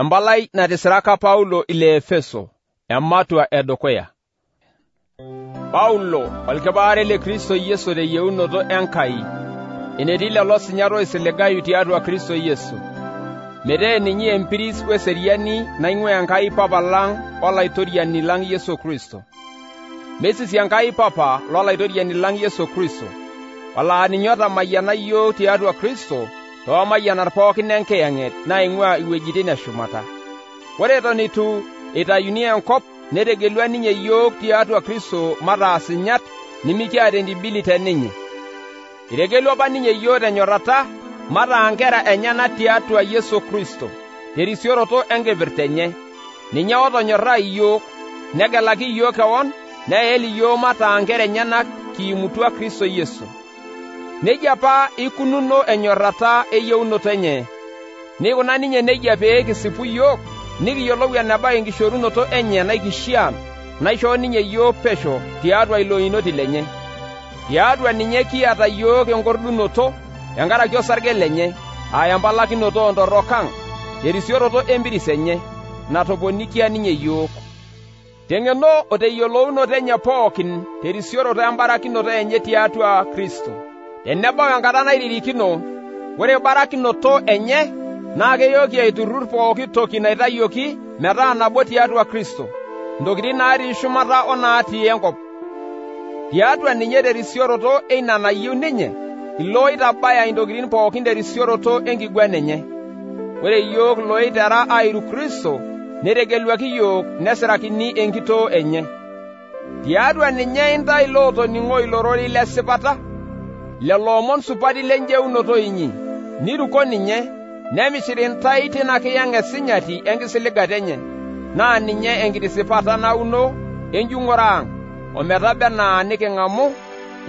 Empalai natisiraka Paulo ile Efeso ematua edukuya. Paulo olkipaare le Kristo Yesu teyieunoto yieunoto Enkai enetii lelo sinyat oisiligayu tiatua Kristo Yesu meteeninyi empiris weseriani naing'uaa Enkai Papa lang' olaitoriani lang' Yesu Kristo. Meisisi Enkai Papa lolaitoriani lang' Yesu Kristo, olaa ninye otamayiana yiok tiatua Kristo toomayianar pookin enkiyang'et naing'uaa iwuejitin eshumata ore eton itu nkop enkop netegelua ninye yiok tiatua kristo mataasinyat inyat nimikiata entibili teninye etegelua apa ninye yiok tenyorrata mataa nkera enyana tiatua yesu kristo terisioroto enkipirta enye ninye otonyorra iyiok negelaki iyiok kewon neyel iyiok mataa nkera enyanak kiimutua kristo yesu nejia apa ikununo enyorrata eyieunoto enye neikuna ninye nejia pee kisipu yiok nikiyiolou eneba enkishorunoto enye naikishia naishoo ninye yiok pesho tiatua iloinoti lenye tiatua ninye kiata yiok enkordunoto enkaraki osarge lenye aa empalakinoto ontorrok ang erisioroto empiris enye natoponikia ninye yiok teng'eno oteyiolounoto enye pookin terisioroto embarakinoto enye tiatua kristo tenebau enkata nairirikino ore barakinoto enye naa keyooki aiturrur pooki toki naitayioki metaa nabo tiatua Kristo ntokitin naatii shumata o naatii enkop tiatua ninye terisioroto eina nayieu ninye ilo oitabaya intokitin pookin terisioroto enkiguan enye ore yiok loitera airu kristo netegeluaki yiok nesirakini enkitoo enye tiatua ninye intae lootoning'o ilo rorei lesipata lelo omon supati lenjeunotoinyi niruko ninye nemishiri ntai tinakiyang' esinyati enkisiligata enye naa ninye enkitisipata nauno enjung'ore ang' ometaba enaa nikiŋ'amu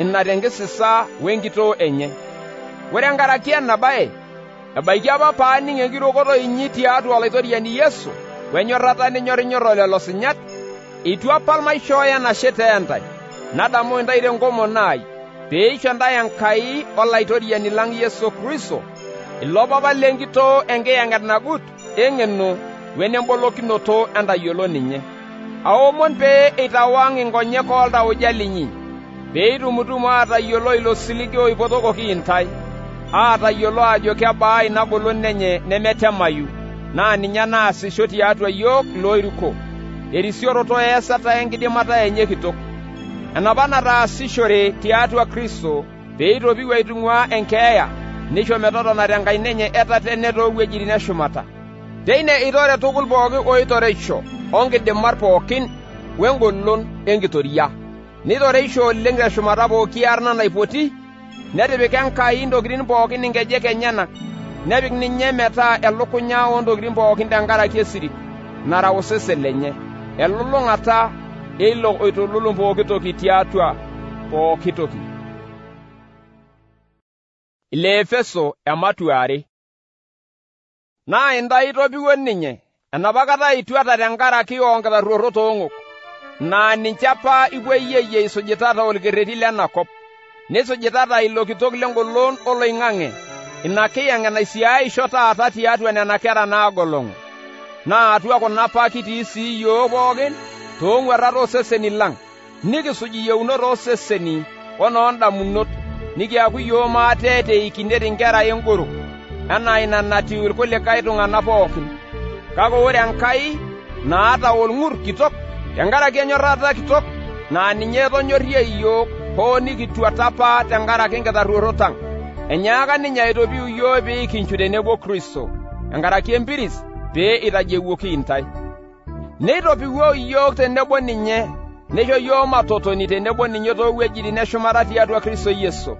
ina tenkisisa wenkitoo enye ore enkaraki enabaye ebaiki apa paaning' enkirukoto inyi tiatua olaitoriani yesu wenyorrata ninyorinyorro lelo sinyat itu apa maishooyo enashe teentai nadamu intai tenkomono aai peisho ndaya nkai olaitoriani lang yesu kristo ilo papa lenkitoo enkiyang'et nagut eng'eno wenembolokinoto entayiolo ninye aomon pee eitawang' inkonyek ooltauja linyi peeitumutumo aatayiolo ilo siligi oipotokoki intai aatayiolo ajo kebaa ina golon enye nemetemayu naa ninye naasisho tiatua yiok ilo iruko erisioroto eesata enkidimata enye kitok enapa nataasishore tiatua kristo peitopiwu aitung'uaa enkeeya neisho metotona tenkaina enye etatene toowuejitin eshumata teine itore tukul pooki oitoreisho onkidimat pookin wengolon enkitoria neitoreisho oleng' teshumata pooki arna naipoti netipika Enkai intokitin pookin inkejek enyenak nepik ninye metaa elukunya oontokitin pookin tenkaraki esiri nara osesen lenye elulung'ata naa intai topiwuon ninye enapakata ituata te nkaraki oo nkitarrworo too ng'uk naa ninche apa ipuoyieyie isujitata olkerreti le nakop neisujitata ilokitok le ngolon o loing'ang'e inakiang'enaisiaaicho taata tiatua nenakera naagolog' naaatua kuna pa kitii sii iyioo pookin toong'uarat ooseseni lang' nikisuj iyieunot ooseseni o noondamunot nikiaku yooh maate teeikinet inkera enkoro enaa ina natiu ilkulikae tung'ana pookin kake ore Enkai naata olng'ur kitok tenkaraki enyorrata kitok naa ninye etonyorrie iyiook hoo nikituata apa tenkaraki nkitarruorot ang' enyaaka ninye aitopiu yiook pee kinchu tenebo Kristo enkaraki empiris pee itajewuoki intae neitopikuo yiok tenebo ninye neisho yiok matotoni tenebo ninye toowuejitin eshumata tiatua kristo yesu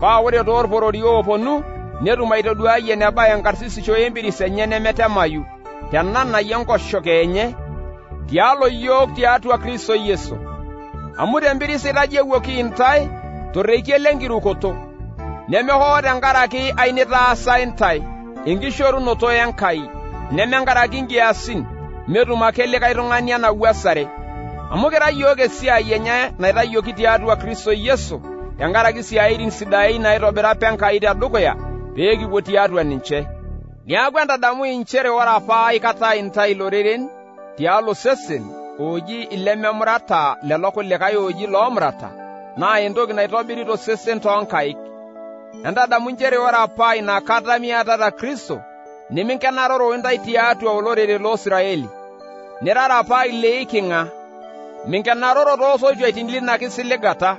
paa ore toorporori ooponu netum aitoduaayie eneba enkarsisisho empiris enye nemetemayu tenanai enkoshoke enye tialo yiok tiatua kristo yesu amu tempiris itaji ewuoki intae torreikie lenkirukoto nemehoo tenkaraki ainitaasa intae enkishorunoto enkai nemenkaraki nkiasin metum ake likae tung'ani ana amu kira yiok esiai enye naitayioki tiatua kristo yesu tenkaraki siaitin sidain naitobira penkai tedukuya pee kipuo tiatua ninche niaku entadamu inchere ore apa aikata intai loreren tialo sesen ooji ilememurata lelo kulikae ooji loomurata naa entoki naitobiri tosesen toonkaik entadamu nchere ore apa inakata miatata kristo niminkenaroro intai tiatua olorere loosiraeli nirarapaa ileiking'a minkenaroro toosoitwaitin lina kisiligata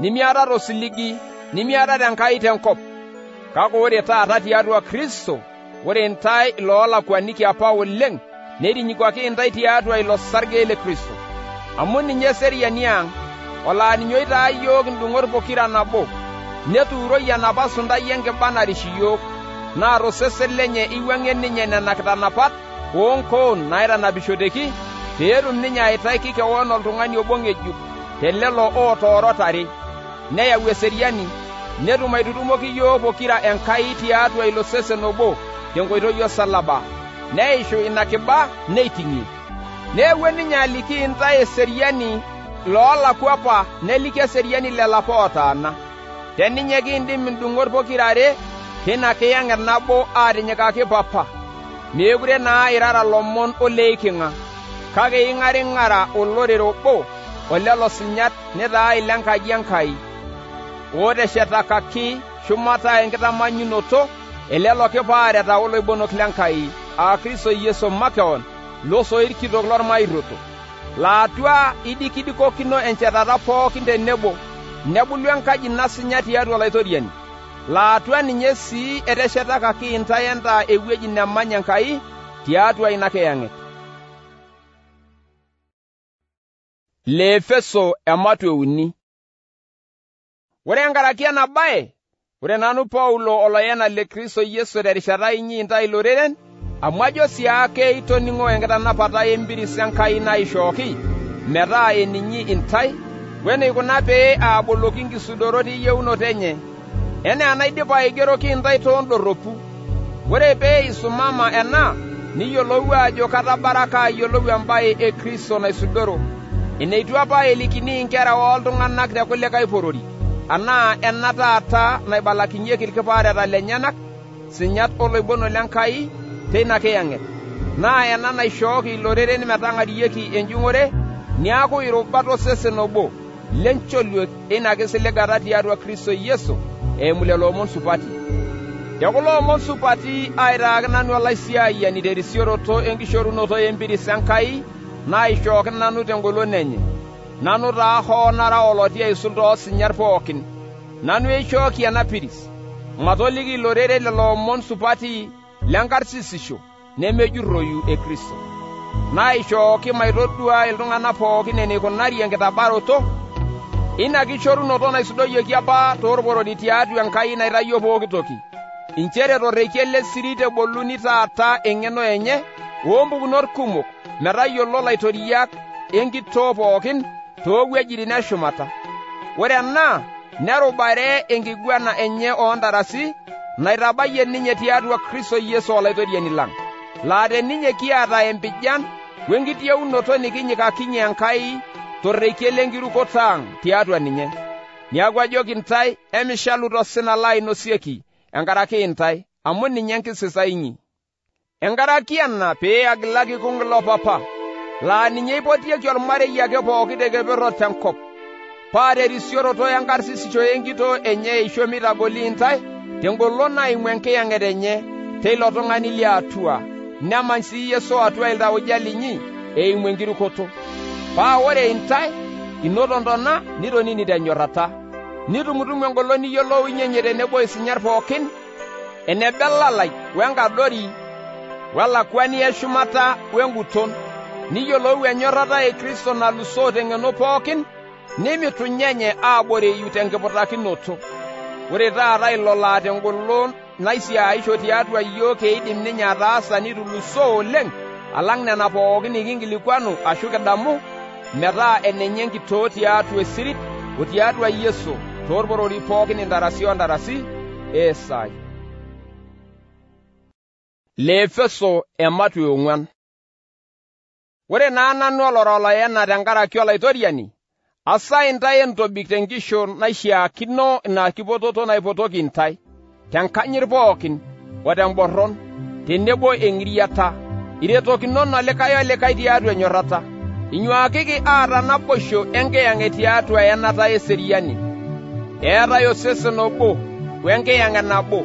nimiata tosiligi nimiata tenkai tenkop kake ore taata tiatua kristo ore ntae iloolakuaniki apa oleng' netinyikuaki ntae tiatua ilo sarge le kristo amu ninye seriani ang' olaaninyo taa yiok indung'ot pokira nabo netuuroi enapa suntai enkibana arish iyiok naa tosesen lenye iwuang'ie ninye nena kitanapat oonkoon naitanapishoteki peetum ninye aitaki kewon oltung'ani obo ng'ejuk telelo ootoorotari neyau eseriani netum aitutumoki yiok pokira Enkai tiatua ilo sesen obo tenkoitoi osalaba neishu ina kiba neiting'ie neewuo ninye aliki intae eseriani loolakwa apa neliki eseriani lelapa ootaana teninye kiindim indung'ot pokira are tina kiyang'et nabo aatinyikaki papa meekure naa irara lomon oleikiŋa kake ing'aring'ara olorere obo olelo sinyat nitaa ilenkaji Enkai ooteshetakaki shumata enkitamanyunoto elelo kipaareta oloibonok lenkai aa Kristo Yesu makeon losoirkitok lormairoto laatua idikidikokino enchetata pookin tenebo nebulu enkaji nasinya tiatua laitoriani laatua ninye sii eteshetakaki intae entaa ewueji nemanya Enkai tiatua ina kiyang'et. uni Ore enkaraki ena baye, ore nanu Paulo oloyena le Kristo Yesu terishata inyi intae loreren, amu ajo siake itoning'o enkitanapata empiris Enkai naishooki metaa eninyi intae, weneikuna pee aaboloki nkisudorot iyieunoto enye enaa enaidipa aigeroki intae toondorropu ore pee isumama ena niyiolou ajo katabaraka ayiolou embae e kristo naisudoro eneitu apa elikini inkera ooltung'anak te kulikae porori anaa ena taata naibalakinyieki ilkipaareta lenyanak sinyat oloibono le Enkai teina kiyang'et naa ena naishooki iloreren metang'arieki enjung'ore neaku irubat osesen obo lencholiet eina kisiligata tiatua kristo yesu eimu eh, lelo omon supati tekulo omon supati aitaaki nanu olaisiayani terisioroto enkishorunoto empiris enkai naishooki nanu tengolon enye nanu taa hoo nara oloti aisul toosinyat pookin nanu eishooki ena piris matoliki ilorere lelo omon supati lenkarsisisho nemejurroyu e kristo naishooki maitodua iltung'anak pookin eneikunari enkitabaroto ina kishorunoto naisudoyioki apa toorporoni tiatua enkai naitayio pooki toki inchere torrekie le siri teboluni taata eng'eno enye oompukunot kumok metayiolo laitoriak enkitoo pookin toowuejitin eshumata ore ena nerubare enkiguana enye oontarasi naitabayie ninye tiatua kristo yesu olaitoriani lang laa teninye kiata empijan wenkitieunoto nikinyikakinye enkai torreikie lengiruko tang tiatua ninye niakuajoki ntae emishalu tosina lai nosieki enkaraki intae amu ninye nkisisa inyi enkaraki ena pee agilaki kungilo papa laa ninye ipotieki olmarei ake pooki tekepero tenkop paa terisioroto enkarsisisho enkitoo enye eisho mitagoli intae tengolon naimu enkiyang'et enye teilo tung'ani liatua nemany sii yeso atua iltauja linyi eimu enkirukoto paa ore intae inoto ntona nitonini tenyorrata nitumutumu engolon niyiolounyenye tenebo isinyat pookin enebelalai wenkadori welakwani eshumata wenguton niyiolou enyorrata e kristo nalusoo teng'eno pookin nimitunyenye aaboreyu tenkiputakinoto ore taata ilo laa tengolon naisiaisho tiatua iyiok eidim ninye ataasa nitulusoo oleng alang nena pookin ikinkilikuanu ashu kidamu metaa enenye nkitoot tiatua esirit o tiatua Yesu toorporori pookin intarasi o ntarasi eesai. Leefeso ematwe ong'uan. Ore naa nanu olora olayena tenkaraki olaitoriani, asa ntae entobik tenkishon naishaakino ina kipototo naipotoki intae, tenkanyit pookin o temborron, tenebo eng'iriata, iretokinono likae olikae tiatua enyorrata. Inywaakiki aata naboisho enkiyang'et tiatua eyanata eseriani. Eetai osesen obo wenkiyang'et nabo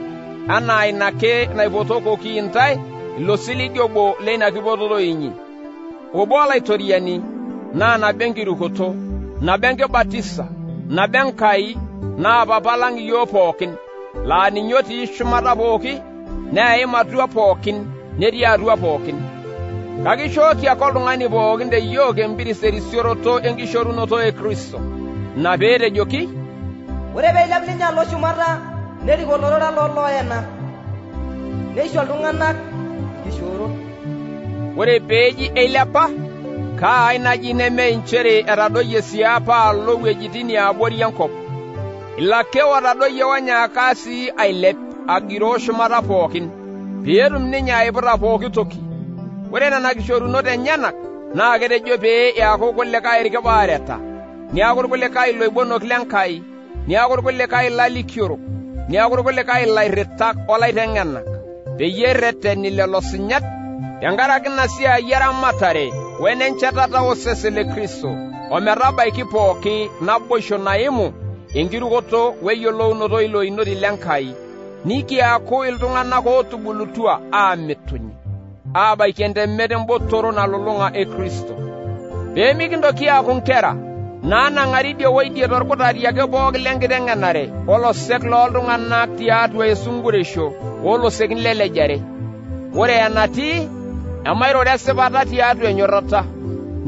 anaa ina naipotokoki intae ilo siligi obo leina kipototo inyi. Obo olaitoriani naa nabo enkirukoto nabo enkibatisa nabo enkai naa papa lang' iyooh pookin laa ninye otii shumata pooki neim atua pookin netii atua pookin kakishooki ake oltung'ani pookin teyiok empiris erisioroto enkishorunoto e kristo ina peetejoki ore peilep ninye alo shumata nerik olorora lolooyena neisho iltung'anak kishoorot ore peeji eilepa kaai naji neme nchere etadoyie siapa alo wuejitin eabori enkop ilo ake otadoyie wanyaaka sii ailep agiroo shumata pookin peetum ninye aiputa pooki toki Ore nena kishorunot enyanak naa ketejo pee eaku kulikae irkipaareta, neaku irkulikae loibonok lenkai, neaku irkulikae lalikiorok, neaku irkulikae lairritak olaiteng'enak, peyie erreteni lelo sinyat tenkaraki ina siai eramatare wenenchetata osesen le Kristo ometabaiki pooki naboisho naimu enkirukoto weyiolounoto ilo oinoti lenkai nikiaku iltung'anak ootubulutua aamituny aabaiki mbotoro embotoro nalulung'a e kristo peemikintoki aaku nkera naanang'ari idie woidie torkutari ake pooki lenkiteng'enare olosek looltung'anak tiatua esunkureisho woolosekin lelejare ore enatii emairore esipata tiatua enyorrata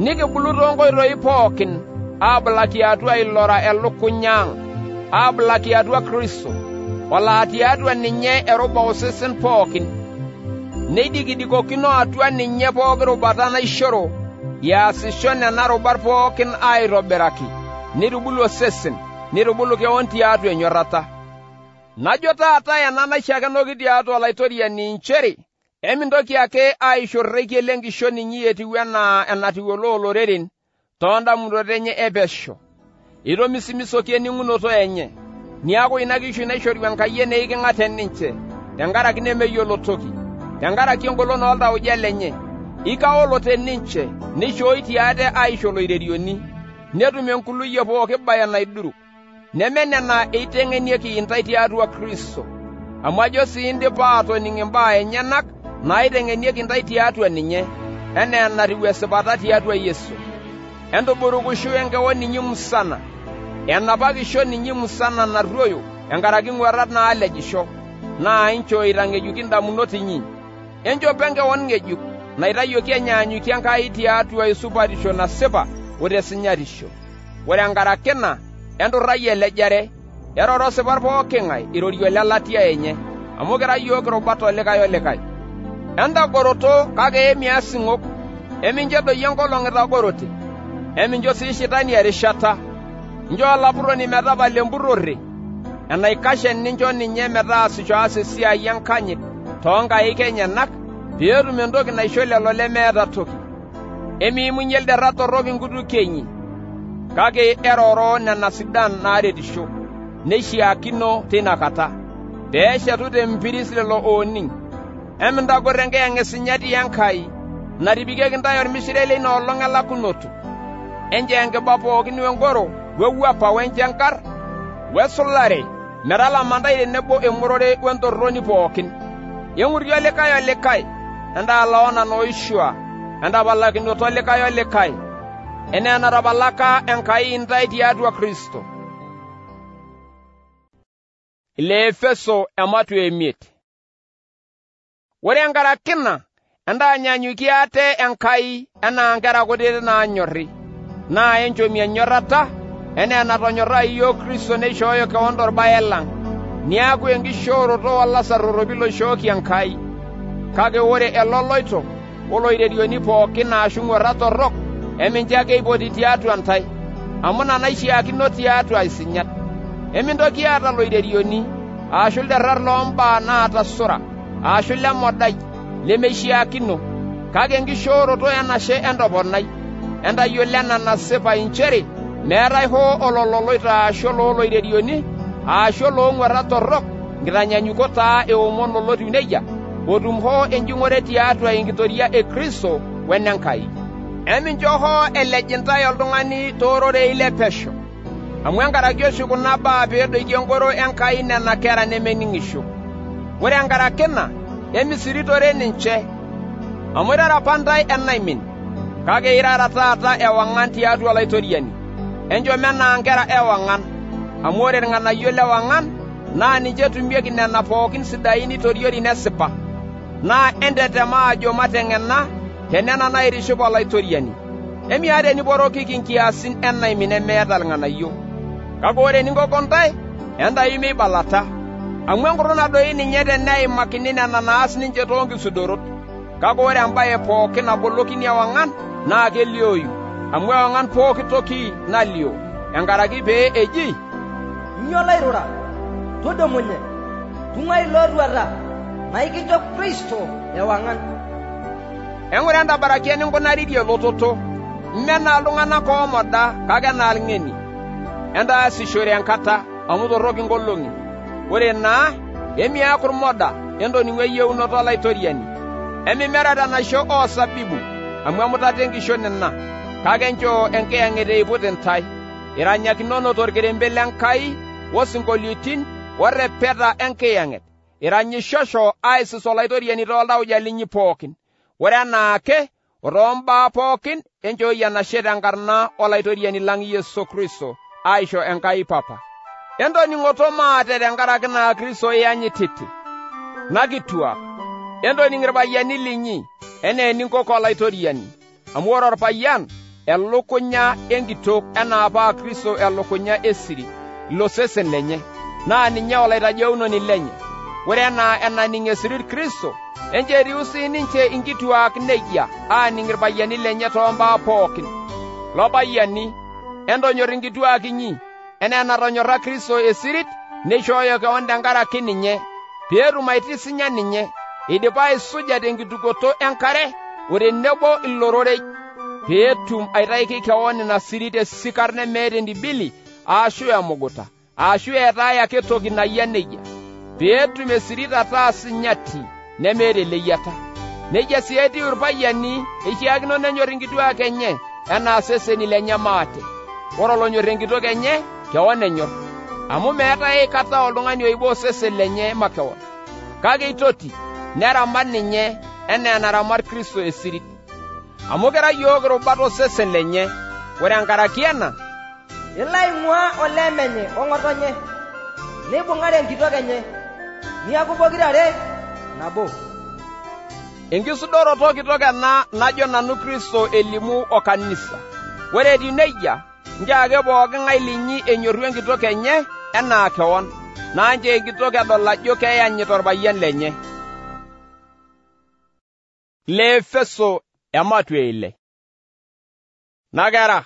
nikibulu toonkoitoi pookin aabulaki atua ilora elukunya ang' aabulaki atua kristo olaa tiatua ninye eruba osesen pookin neidikidikokino atua ninye pooki rubata naishoru easisho nena rubat pookin aitobiraki neitubulu osesen neitubulu kewon tiatua enyorrata najo taata ena naishaakenoki tiatua olaitoriani nchere emintoki ake aisho rrekie le nkishon inyi etiu enaa enatiwoloo loreren toondamunot enye epesho itomisimisoki ening'unoto enye niaku ina kishui naishoru enkayieni eiking'aten ninche tenkaraki nemeyiolo toki tenkaraki engolon oltauja lenye ikaolote ninche neishooitie ate aisho loirerioni netum enkuluyie pooki baye naiduruk neme nena eiteng'enieki intai tiatua kristo amu ajo sii indipa aatoning' imbaa enyenak naiteng'enieki intai tiatua ninye enaa enatiu esipata tiatua yesu entuburukushu enkewon ninyi musana enapakisho ninyi musana narruoyo enkaraki ng'uarrat naalejisho naa inchoo itang'ejuki indamunot inyi enchopo enkewon ng'ejuk naitayioki enyaanyukie Enkai tiatua esupatisho nasipa o tesinyatisho. Ore enkaraki ina enturrayie elejare eroro sipat pooking'ai irorie ole latia enye amu kira yiook irubat olikae olikae. Entagoroto kake emia sing'ok emincho edoyio enkolong' itagorote emincho sii shitani erishata incho olapurroni metapala empurrore enaikash enincho ninye metaasisho aas esiai enkanyit toonkaik enyenak peetum entoki naisho lelo lemeeta toki emiimunye ldera torrok inkutukenyi kake eroroo nena sidan naaretisho neishiaakino teina kata peeshetu te mpiris lelo ooning' emintagor enkiyang'e sinyati Enkai natipikeki ntae ormishire leina olong' elakunoto enchee enkiba pookin wenkoro wewuapa wenchenkarr wesulare metalama tenebo eng'orore wentorroni pookin yeng'urio likae olikae endaa loona nooishwaa entapalakinoto likae olikae enaa enatapalaka Enkai intae tiatua Kristo. Ile Efeso ematu emiet. Ore enkaraki ina entaanyanyukie ate Enkai enaa nkera kutitik naanyorri naa enchomie enyorrata enaa enatonyorra iyiok Kristo neishooyo kewon torbaye lang' neaku enkishooroto wolasarropilo ishooki Enkai kake ore eloloito oloirerioni pooki aashu ng'uarrat torrok emincho ake eipoti tiatua ntae amu ina naishiaakino tiatua isinyat emintoki aata loirerioni aashu ilderrat loombaa naata sura aashu lemodai lemeishiaakino kake enkishooroto enashe entoponai entayiolo ena inchere meetai hoo olololoita aashu olooloirerioni aashu loong'uarrat torrok nkitanyanyukot taa eomon olotiu neija otum hoo enjung'ore tiatua enkitoria e kristo wenenkai emincho hoo elej intae oltung'ani toororei le pesho amu enkaraki oshi kuna baa peedoiki enkoro enkai nena kera nemening'isho ore enkaraki ina emisiritore ninche amu irara apa ntae enaimin kake irara taata ewang'an tiatua olaitoriani enchom enaa nkera ewang'an amu ore irng'anayio le wang'an naa ninche etumieki nena pookin sidain nitoriori nesipa naa entetema ajo mateng'ena tenena naitiship olaitoriani emiata eniporokiki nkiasin enaimi nemeeta irng'anayio kake ore eninkogo ntae entai meibalata amu enkurruna doi ninye teneimakini nena naas ninche toonkisudorot kake ore embaye pookin nabolokini ewang'an naa kelioyu amu ewang'an pooki toki nalio enkaraki pee eji inyio lairura tudumunye tung'ai lootuata naa ikincho kristo ewang'an eng'ura entabaraki nkunaririe elototo mme enaa iltung'anak oomoda kake enaa ilng'eni entaasishore enkata amu torropi nkolong'i ore naa emiaaku irmoda entoning'u eyieunoto olaitoriani emimerata enaisho oosabibu amu emutata enkishon ina kake enchoo enkiyang'et eiput intae iranyakinono torkerembe lenkai osinkolioitin orepeta enkiyang'et iranyishosho aisis olaitoriani tooltauja linyi pookin ore enaake o toombaa pookin enchooyie enashe tenkarna olaitoriani lang' Yesu Kristo aisho Enkai Papa. Entoning'oto maate tenkaraki naa Kristo iyanyititi, e nakitua entoning' irpayiani linyi enaa eninkoko olaitoriani, amu ore orpayian elukunya enkitok enaa paa Kristo elukunya esiri. losesen lenye naa ninye olaitajeunoni lenye ore enaa enaning esirit kristo enjeriu sii ninche inkituak nejia aaning irpayiani lenye toombaa pookin lopayiani entonyor inkituak inyi enaa enatonyorra kristo esirit neishooyo keon tenkaraki ninye peetum aitisinya ninye idipa aisuja tenkitukoto enkare ore nebo ilororei peetum aitaiki keon ina sirit esikar nemeeta endibili aashu emuguta aashu eetai ake toki nayia nejia peetum esirit ataa sinyati nemeeta eleyiata nejia sii etiu irpayiani eishiakino nenyorr inkituaak enye enaa seseni lenye maate ore olonyorr enkitok enye kewon enyor amu meetai aikata oltung'ani oibo osesen lenye makewon kake itoti neramat ninye enaa enaramat kristo esirit amu kira yiok irubat osesen lenye ore enkaraki ena ilo aing'uaa olee menye ong'otonye neibung'are enkitok enye niaku pokirare nabo enkisudoroto kitok ena najo nanu kristo elimu o kanisa ore etiu nejia nchoo ake pooking'ai linyi enyorru enkitok enye enaa kewon naa nchoo enkitok edol ajo keyanyita orpayian lenye le efeso ematua ile nakera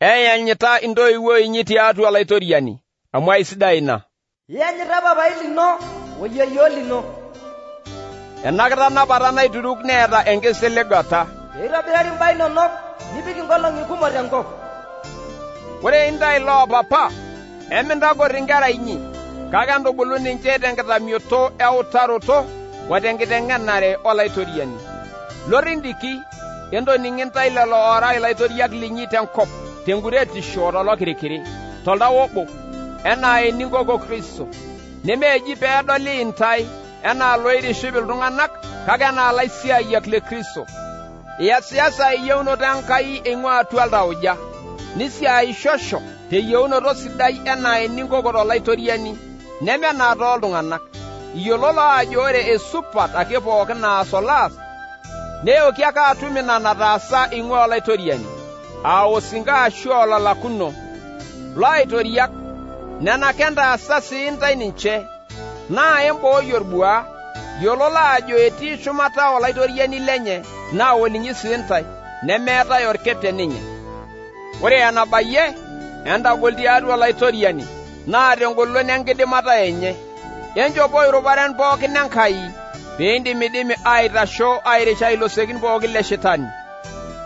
eyanyita intoiwuo inyi tiatua laitoriani amu aisidai ina iyanyita papai lino o yieyioo lino ena kitanapata naituruk neeta enkisiligata peitobirari mbaa inonok nipik inkolong'i kumok tenkop ore intai loo papa emintagor inkera inyi kake entubulu ninche tenkitamioto eutaroto o tenkiteng'enare olaitoriani entoning'i entoning'intai lelo oorai ilaitoriak linyi tenkop tenkuretisho tolokirikiri toltau obo enaa eninkoko kristo nemeeji peedoli intai enaa loitiship iltung'anak kake enaa laisiayiak le kristo iasiasa eyieunoto enkai eing'ua atua iltauja nisiaishosho teyieunoto sidai enaa eninkoko tolaitoriani nemenaa tooltung'anak iyiololo ajo ore esupat ake pooki naas olaas neoki ake atum ina nataasa eing'ua olaitoriani awo singa ashoolalakuno loaitoriak nenakendaasa sii ntai ninche naa embooyo orbua yiololo ajo etii shumata olaitoriani lenye naa olinyi sii ntai nemeetai orkete ninye ore enabayie entagol tiatua olaitoriani naa tengolon enkidimata enye enjopo iruparen pookin enkai piindimidimi aitasho airisha ilosekin pookin le shitani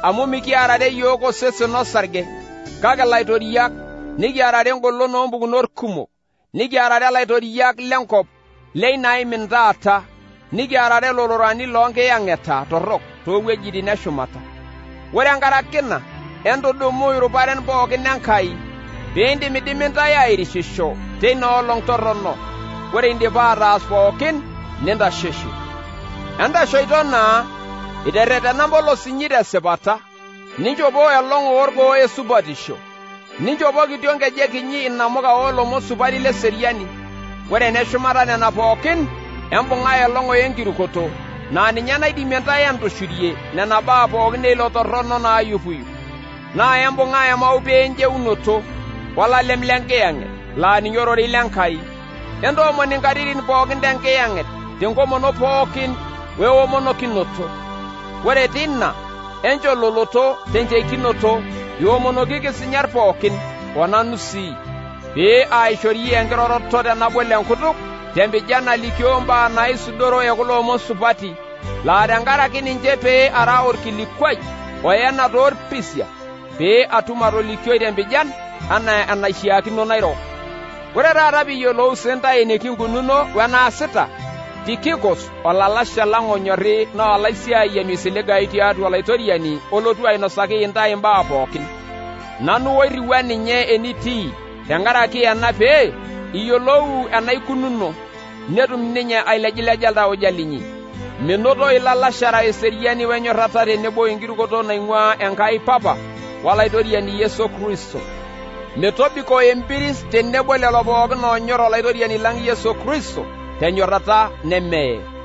amu mikiarare yiook osesen osarge kake laitoriak nikiarare engolon oompukunot kumok nikiarare laitoriak lenkop leinaimin taata nikiarare lolorani loonkiyang'eta torrok toowuejitin eshumata ore enkaraki ina entudumu iruparen pookin enkai piindimidimi ntae airishisho teina olong' torrono ore indipa ataas pookin nintasheshe entashoito naa iterretena mpolosinyi tesipata ninchopo elong orgoo esupatisho ninchopo kitio nkejek inyi inamuka oolomon supati leseriani ore eneshumata nena pookin embung'a elong'o enkirukoto naa ninye naidimie ntae entushurie nena baa pookin eilo torrono naayupuyu naa embung'a emaupi enjeunoto wolalem lenkiyang'et laa ninye ororei lenkai entoomoni nkatitin pookin tenkiyang'et tenkomono pookin weomonokinoto Ore tinna enchololoto tencheikinoto iomonokiki sinyar pookin onanu sii pee aishorie enkiroroto tenabo lenkutuk tempijan nalikio mbaa naisudoro ekulo omon supati laa tenkaraki ninche pee ara orkilikwai oyena toorpisia pee atum atolikioi tempijan anaa enaishiaakino nairo. Ore taata piiyolou sintae enikinkununo wenaasita tikikus olalashe lang onyori naa olaisiayiani oisiligayu tiatua olaitoriani olotu ainosaki intae imbaa pookin nanu oirriwa ninye enitii tenkaraki ena pee iyiolou enaikununo netum ninye ailejileja iltauja linyi menoto ilalashara eseriani wenyorrata tenebo enkirukoto naing'uaa enkai papa walaitoriani yesu kristo metobiko empiris tenebo lelo pookin oonyor olaitoriani lang yesu kristo Tenyo ratha nemme.